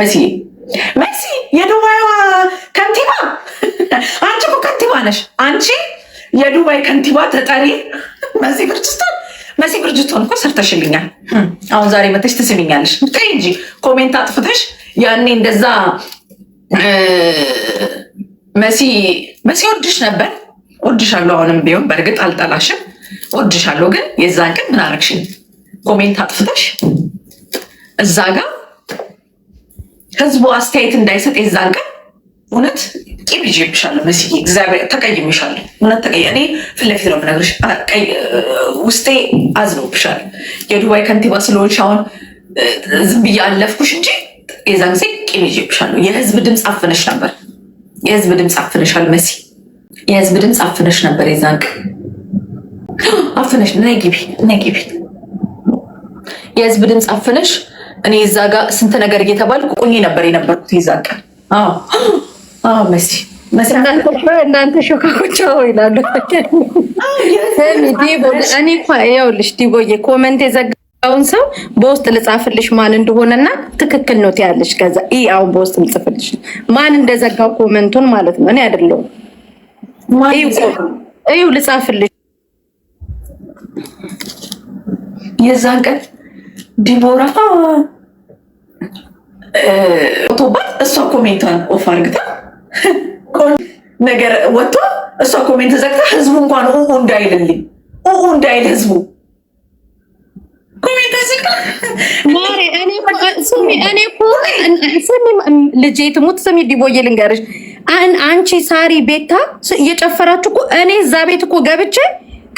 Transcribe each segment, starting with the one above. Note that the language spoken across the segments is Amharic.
መሲ መሲ የዱባይዋ ከንቲባ አንቺ እኮ ከንቲባ ነሽ። አንቺ የዱባይ ከንቲባ ተጠሪ መሲ ብርጅስቶን። መሲ ብርጅስቶን እኮ ሰርተሽልኛል። አሁን ዛሬ መተሽ ትስሚኛለሽ። ተይ እንጂ ኮሜንት አጥፍተሽ ያኔ እንደዛ መሲ መሲ ወድሽ ነበር። ወድሻለሁ። አሁንም ቢሆን በእርግጥ አልጠላሽም፣ ወድሻለሁ። ግን የዛን ቀን ምን አረግሽኝ? ኮሜንት አጥፍተሽ እዛ ጋር ህዝቡ አስተያየት እንዳይሰጥ የዛን ቀን እውነት ቂም ይዤብሻለሁ መስዬ እግዚአብሔር ተቀይሜሻለሁ። እውነት ተቀይ እኔ ፊት ለፊት ነው የምነግርሽ። ውስጤ አዝኖብሻል። የዱባይ ከንቲባ ስለሆንሽ አሁን ዝም ብዬ አለፍኩሽ እንጂ የዛን ጊዜ ቂም ይዤብሻለሁ። የህዝብ ድምፅ አፍነሽ ነበር። የህዝብ ድምፅ አፍነሻል መሲ። የህዝብ ድምፅ አፍነሽ ነበር። የዛን ቀን አፍነሽ ነይ ግቢ፣ ነይ ግቢ። የህዝብ ድምፅ አፍነሽ እኔ እዛ ጋር ስንት ነገር እየተባል ቁኝ ነበር የነበርኩት። ይዛ ቀን መሲ እናንተ ሾካኮቻ ይላሉ። እኔ ይኸውልሽ ዲቦዬ ኮመንት የዘጋውን ሰው በውስጥ ልጻፍልሽ ማን እንደሆነና ትክክል ነው ትያለሽ። ከዛ ይሄ አሁን በውስጥ ልጽፍልሽ ማን እንደዘጋው ኮመንቱን ማለት ነው። እኔ አይደለሁም። ይኸው ልጻፍልሽ የዛን ቀን ዲቦራ ቶባት እሷ ኮሜንቷን ኦፍ አርግታ ነገር ወጥቶ እሷ ኮሜንት ዘግታ ህዝቡ እንኳን ኡ እንዳይልልኝ ኡ እንዳይል ህዝቡ ልጄ ትሙት ስሚ ዲቦዬ ልንገርሽ፣ አንቺ ሳሪ ቤታ እየጨፈራችሁ እኔ እዛ ቤት እኮ ገብቼ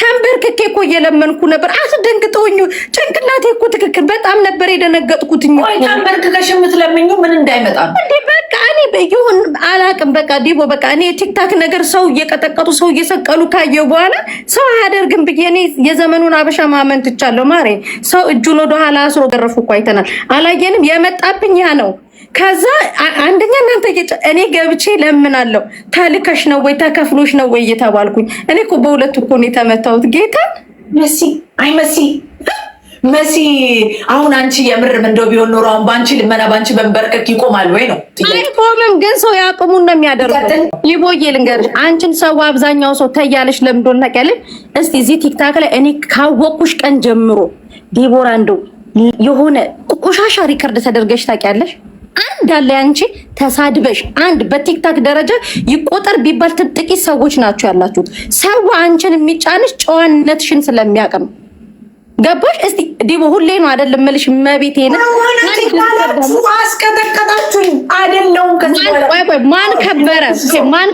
ተንበርክኬ እኮ እየለመንኩ ነበር። አስደንግጠውኝ ጭንቅላቴ እኮ ትክክል በጣም ነበር የደነገጥኩትኝ። ተንበርክከሽ የምትለምኙ ምን እንዳይመጣ እንዴ? በቃ እኔ ይሁን አላቅም። በቃ ዲቦ በቃ እኔ ቲክታክ ነገር ሰው እየቀጠቀጡ ሰው እየሰቀሉ ካየው በኋላ ሰው አያደርግም ብዬ እኔ የዘመኑን አበሻ ማመን ትቻለሁ። ማሬ ሰው እጁን ወደኋላ አስሮ ገረፉ እኮ አይተናል። አላየንም። የመጣብኝ ያ ነው። ከዛ አንደኛ እናንተ እኔ ገብቼ ለምናለው ታልከሽ ነው ወይ ተከፍሎሽ ነው ወይ እየተባልኩኝ እኔ እኮ በሁለት እኮ ነው የተመታሁት። ጌታ መሲ አይ መሲ መሲ አሁን አንቺ የምርም እንደው ቢሆን ኖሮ አሁን በአንቺ ልመና በአንቺ በንበርከክ ይቆማል ወይ ነው አይቆምም። ግን ሰው ያቅሙን ነው የሚያደርገው። ይቦዬ ልንገርሽ፣ አንቺን ሰው አብዛኛው ሰው ተያለሽ ለምዶ ታውቂያለሽ። እስቲ እዚህ ቲክታክ ላይ እኔ ካወቅኩሽ ቀን ጀምሮ ዲቦራ እንደው የሆነ ቆሻሻ ሪከርድ ተደርገሽ ታውቂያለሽ? አንድ አለ አንቺ ተሳድበሽ አንድ በቲክታክ ደረጃ ይቆጠር ቢባል ጥቂት ሰዎች ናቸው ያላችሁት። ሰው አንቺን የሚጫንሽ ጨዋነትሽን ስለሚያቅም ገባሽ? እስቲ ዲቦ ሁሌ ነው አደል የምልሽ፣ መቤቴ ነው ማን ከበረ ማን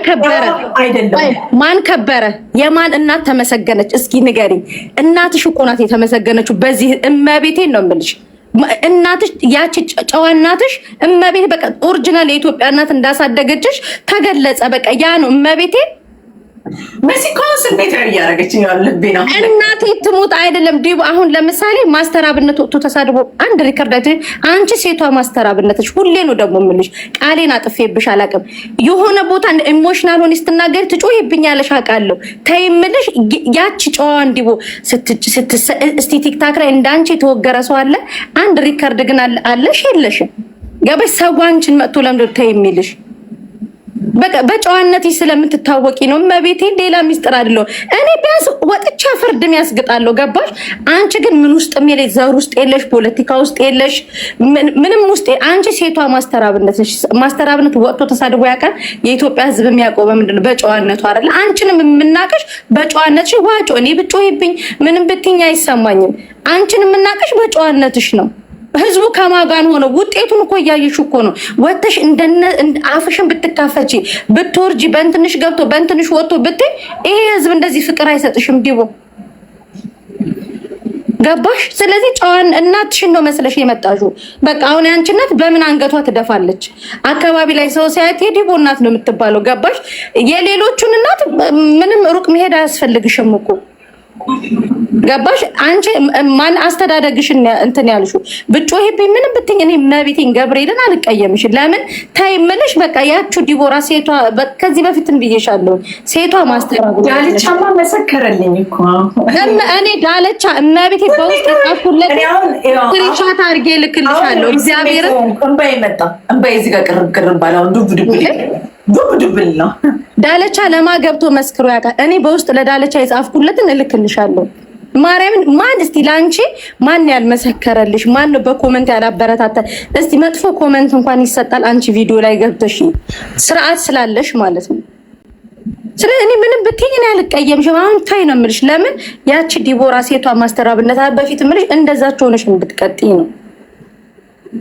ከበረ ማን ከበረ? የማን እናት ተመሰገነች? እስኪ ንገሪኝ። እናትሽ እኮ ናት የተመሰገነችው። በዚህ መቤቴን ነው የምልሽ እናትሽ ያቺ ጨዋ እናትሽ እመቤት በቃ ኦሪጂናል የኢትዮጵያ እናት እንዳሳደገችሽ ተገለጸ። በቃ ያ ነው እመቤቴ እናቴ ትሙት አይደለም ዲቡ። አሁን ለምሳሌ ማስተራብነት ወጥቶ ተሳድቦ አንድ ሪከርዳት፣ አንቺ ሴቷ ማስተራብነትሽ ሁሌ ነው ደግሞ የምልሽ። ቃሌን አጥፌብሽ አላቅም። የሆነ ቦታ ኢሞሽናል ሆነሽ ስትናገሪ ትጮይብኛለሽ አውቃለሁ። ተይ የምልሽ ያቺ ጨዋን ዲቡ እስቲ ቲክታክ ላይ እንዳንቺ የተወገረ ሰው አለ? አንድ ሪከርድ ግን አለሽ የለሽም? ገበሽ ሰው አንቺን መጥቶ ለምንድን ተይ የሚልሽ? በጨዋነት ስለምትታወቂ ነው። መቤቴን ሌላ ሚስጥር አይደለው። እኔ ቢያንስ ወጥቻ ፍርድ ያስግጣለሁ። ገባሽ? አንቺ ግን ምን ውስጥ የለሽ፣ ዘር ውስጥ የለሽ፣ ፖለቲካ ውስጥ የለሽ፣ ምንም ውስጥ አንቺ ሴቷ ማስተራብነት ነሽ። ማስተራብነት ወጥቶ ተሳድቦ ያውቃል? የኢትዮጵያ ሕዝብ የሚያውቀው በምንድን ነው? በጨዋነቱ አይደለ? አንቺንም የምናቀሽ በጨዋነትሽ። ዋጮ እኔ ብጮይብኝ ምንም ብትኛ አይሰማኝም። አንቺን የምናቀሽ በጨዋነትሽ ነው። ህዝቡ ከማጋን ሆነ ውጤቱን እኮ እያየሽ እኮ ነው። ወተሽ አፍሽን ብትካፈች ብትወርጂ በእንትንሽ ገብቶ በእንትንሽ ወጥቶ ብት ይሄ ህዝብ እንደዚህ ፍቅር አይሰጥሽም። ዲቦ ገባሽ? ስለዚህ ጨዋን እናትሽን ነው መስለሽ የመጣሽው። በቃ አሁን ያንቺ እናት በምን አንገቷ ትደፋለች? አካባቢ ላይ ሰው ሲያየት የዲቦ እናት ነው የምትባለው። ገባሽ? የሌሎቹን እናት ምንም ሩቅ መሄድ አያስፈልግሽም እኮ ገባሽ? አንቺ ማን አስተዳደግሽን እንትን ያልሽው ብጮሂብኝ ምንም ብትኝ እኔ መቤቴን ገብርኤልን አልቀየምሽ። ለምን ተይ የምልሽ በቃ ያችሁ ዲቦራ ሴቷ ከዚህ በፊትም ብዬሻለሁ። ሴቷ ማስተራጉ ዳለቻማ መሰከረልኝ እኮ እኔ ዳለቻ መቤቴ በውስጥ የጻፍኩለት ስክሪንሾት አድርጌ ልክልሻለሁ። እግዚአብሔርን እንባ ይመጣ እንባ እዚህ ጋር ቅርብ ቅርብ ባለው ዱብ ዱብ ዱብ ዱብል ነው ዳለቻ ለማ ገብቶ መስክሮ ያውቃል። እኔ በውስጥ ለዳለቻ የጻፍኩለትን እልክልሻለሁ። ማርያምን ማን እስቲ ለአንቺ ማን ያልመሰከረልሽ? ማን ነው በኮመንት ያላበረታተ? እስቲ መጥፎ ኮመንት እንኳን ይሰጣል። አንቺ ቪዲዮ ላይ ገብተሽ ስርዓት ስላለሽ ማለት ነው። ስለዚህ እኔ ምንም ብትይኝ ነው ያልቀየምሽም። አሁን ታይ ነው የምልሽ። ለምን ያቺ ዲቦራ ሴቷ ማስተራብነት በፊት የምልሽ እንደዛች ሆነሽ እንድትቀጥይ ነው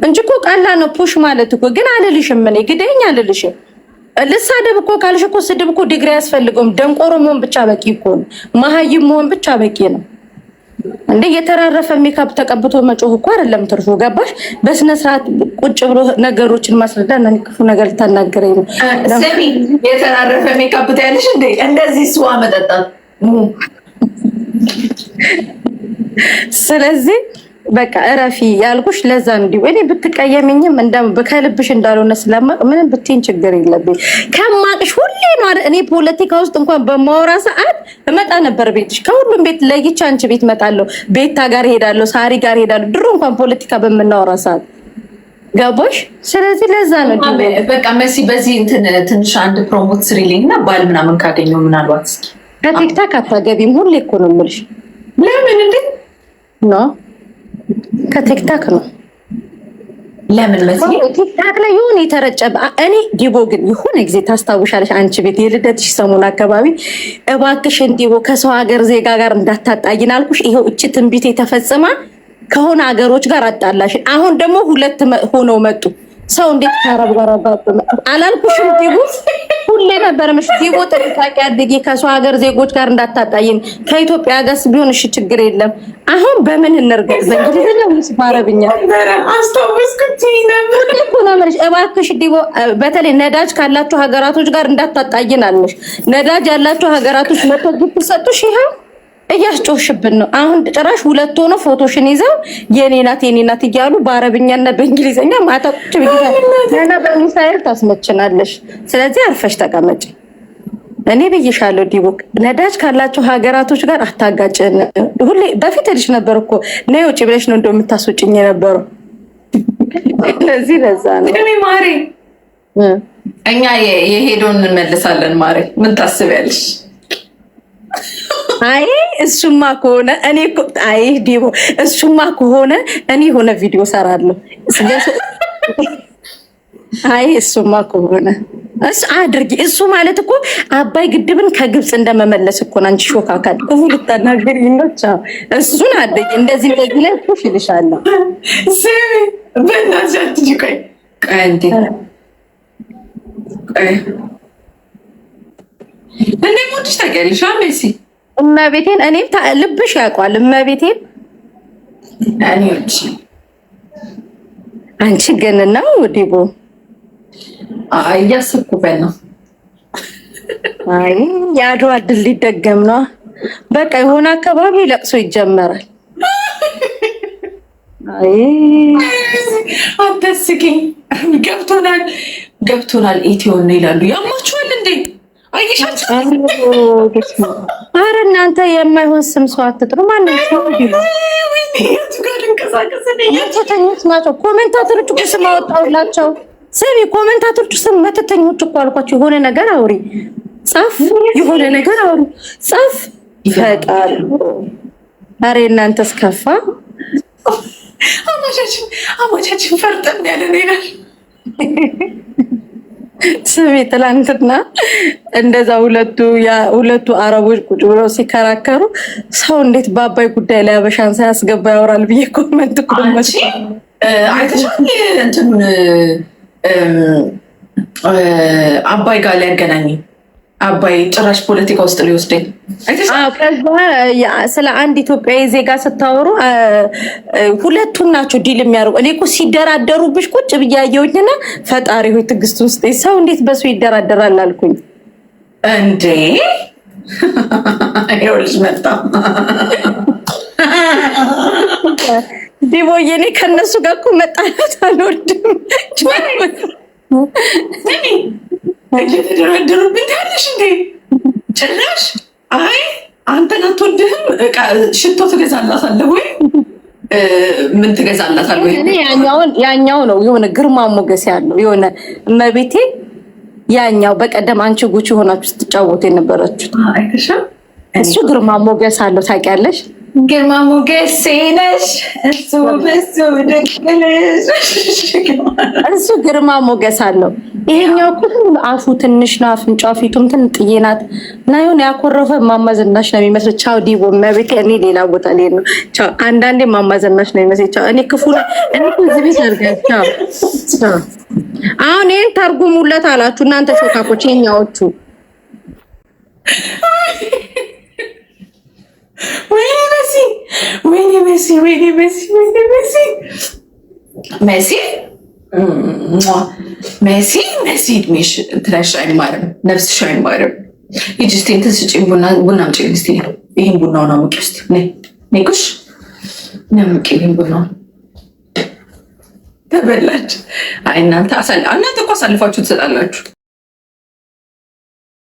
እንጂ እኮ ቀላል ነው ፑሽ ማለት እኮ። ግን አልልሽም፣ እኔ ግደኝ አልልሽም። ልሳደብ እኮ ካልሽ እኮ ስድብ እኮ ዲግሪ አያስፈልገውም። ደንቆሮ መሆን ብቻ በቂ እኮ ነው። መሀይም መሆን ብቻ በቂ ነው። እንደ የተራረፈ ሜካፕ ተቀብቶ መጮህ እኮ አይደለም ትርፉ። ገባሽ? በስነ ስርዓት ቁጭ ብሎ ነገሮችን ማስረዳ እና ክፉ ነገር ልታናገረኝ ነው። ስሚ፣ የተራረፈ ሜካፕ ታያለሽ እንዴ? እንደዚህ ስዋ መጠጣት። ስለዚህ በቃ እረፊ ያልኩሽ ለዛ እንዲ እኔ ብትቀየምኝም ከልብሽ እንዳልሆነ ስለማቅ ምንም ብትይኝ ችግር የለብኝ። ከማቅሽ ሁሌ ነው እኔ ፖለቲካ ውስጥ እንኳን በማወራ ሰዓት እመጣ ነበር ቤትሽ። ከሁሉም ቤት ለይቻ አንቺ ቤት እመጣለሁ። ቤታ ጋር ሄዳለሁ፣ ሳሪ ጋር ሄዳለሁ። ድሮ እንኳን ፖለቲካ በምናወራ ሰዓት ገቦሽ። ስለዚህ ለዛ ነው በቃ መሲ። በዚህ ትንሽ አንድ ፕሮሞት ስሪልኝ እና ባል ምናምን ካገኘው ምናልባት ከቲክታክ አታገቢም። ሁሌ እኮ ነው የምልሽ። ለምን እንዴ ነው ከቲክታክ ነው። ለምን መሰለኝ ቲክታክ ላይ የሆነ የተረጨ እኔ ዲቦ ግን የሆነ ጊዜ ታስታውሻለሽ፣ አንቺ ቤት የልደትሽ ሰሞን አካባቢ እባክሽን ዲቦ ከሰው ሀገር ዜጋ ጋር እንዳታጣይን አልኩሽ። ይሄው እቺ ትንቢት የተፈጽማ ከሆነ ሀገሮች ጋር አጣላሽን። አሁን ደግሞ ሁለት ሆነው መጡ። ሰው እንዴት ከአረብ ጋር አላልኩሽም? ዲቡ ሁሌ ነበር ምሽ ዲቡ ጥንቃቄ አድርጊ፣ ከሰው ሀገር ዜጎች ጋር እንዳታጣይን። ከኢትዮጵያ ጋርስ ቢሆን እሺ ችግር የለም። አሁን በምን እንርገጥ? በእንግሊዝኛ ወይስ በአረብኛ? እባክሽ ዲቡ፣ በተለይ ነዳጅ ካላችሁ ሀገራቶች ጋር እንዳታጣይን አልንሽ። ነዳጅ ያላችሁ ሀገራቶች መጥቶ ግብ ሰጡሽ ይኸው እያስጮሽብን ነው። አሁን ጭራሽ ሁለት ሆኖ ፎቶሽን ይዘው የኔ ናት የኔ ናት እያሉ በአረብኛና በእንግሊዝኛ ማታ ቁጭ ብና በሚሳኤል ታስመችናለሽ። ስለዚህ አርፈሽ ተቀመጭ። እኔ ብይሻለሁ ዲቦክ ነዳጅ ካላቸው ሀገራቶች ጋር አታጋጭን። ሁሌ በፊት ልሽ ነበር እኮ ነይ ውጭ ብለሽ ነው እንደምታስወጭኝ የነበረው። ለዚህ ለዛ ነው ማሬ፣ እኛ የሄደውን እንመልሳለን። ማሬ ምን ታስቢያለሽ? አይ እሱማ ከሆነ እኔ አይ ዲቦ እሱማ ከሆነ እኔ የሆነ ቪዲዮ ሰራለሁ። አይ እሱማ ከሆነ እሱ አድርጊ። እሱ ማለት እኮ አባይ ግድብን ከግብፅ እንደመመለስ እኮ ነው። አንቺ ሾካካ ክፉ ልታናገሪ ኖች እሱን አድርጊ። እንደዚህ እንደዚህ ላይ ሹፍ ይልሻለሁ። ስሚ በእናትሽ አትሂጂ። ቆይ ቆይ እንዴ ቆይ እንዴ ሞትሽ ታውቂያለሽ ሜሲ እመቤቴን እኔም ልብሽ ያውቋል። እመቤቴን አንቺ ግን ነው ዲቦ እያስብኩበት ነው። አይ የአድዋ ድል ሊደገም ነው። በቃ የሆነ አካባቢ ለቅሶ ይጀመራል። አይ አንተስ ግን ገብቶናል ገብቶናል። ኢትዮን ይላሉ ያማችኋል እንዴ? አረ እናንተ የማይሆን ስም ሰው አትጥሩ። ማንም ሰው መተተኞች ናቸው። ኮሜንታተሮች እኮ ስም አወጣሁላቸው። ስሚ ኮሜንታተሮች ስም መተተኞች እኮ አልኳቸው። የሆነ ነገር አውሪ ጻፍ፣ የሆነ ነገር አውሪ ጻፍ ይፈጣሉ። አረ እናንተ ስከፋ አማቻችን ፈርጠን ያለን ይላል ስሜ ትላንትና እንደዛ ሁለቱ ሁለቱ አረቦች ቁጭ ብለው ሲከራከሩ ሰው እንዴት በአባይ ጉዳይ ላይ አበሻን ሳያስገባ ያወራል ብዬ ኮመንት ኮመንት አይተሻል። እንትን አባይ ጋር ሊያገናኝ አባይ ጭራሽ ፖለቲካ ውስጥ ሊወስደኝ። ስለ አንድ ኢትዮጵያዊ ዜጋ ስታወሩ ሁለቱም ናቸው ዲል የሚያደርጉ። እኔ እኮ ሲደራደሩብሽ ቁጭ ብያየውኝና ፈጣሪ ሆይ ትግስት ውስጥ ሰው እንዴት በሱ ይደራደራል አልኩኝ እንዴ ይኸውልሽ መጣ ዲቦዬ። እኔ ከእነሱ ጋር እኮ መጣላት አልወድም እንደተደራደሩብን ትያለሽ እንዴ? ጭራሽ አይ አንተን አትወድህም፣ ሽቶ ትገዛላታለህ ወይ ምን ትገዛላታለህ? ያኛው ነው የሆነ ግርማ ሞገስ ያለው የሆነ እመቤቴ፣ ያኛው በቀደም አንቺ ጉቺ ሆናችሁ ስትጫወቱ የነበረችው እሱ ግርማ ሞገስ አለው ታውቂያለሽ። ግርማ ሞገስ እሱ እሱ ድቅልሽ እሱ ግርማ ሞገስ አለው። ይሄኛው ሁሉ አፉ ትንሽ ነው፣ አፍንጫ ፊቱም ትንጥዬ ናት እና የሆነ ያኮረፈ ማማዘናሽ ነው የሚመስለው። ቻው ዲቦ መቤቴ፣ እኔ ሌላ ቦታ ላይ ነው። ቻው አንዳንዴ ማማዘናሽ ነው የሚመስለው። ቻው እኔ ክፉ እኔ እዚህ ቤት አድርገን ቻው። አሁን ይሄን ተርጉሙለት አላችሁ እናንተ ሾካኮች፣ የኛዎቹ ወይኔ መሲ ወይኔ መሲ ወይኔ መሲ ወይኔ መሲ መሲ መሲ መሲ እድሜሽ እንትናሽ አይማርም፣ ነፍስሽ አይማርም። ሂጂ እስኪ እንትን ስጪኝ፣ ቡና አምጪልኝ እስኪ። ይህን ቡናውን አሙቂ ውስጥ ኔጉሽ ነምቂ። ይህን ቡናውን ተበላች። አይ እናንተ እናንተ እኮ አሳልፋችሁ ትሰጣላችሁ።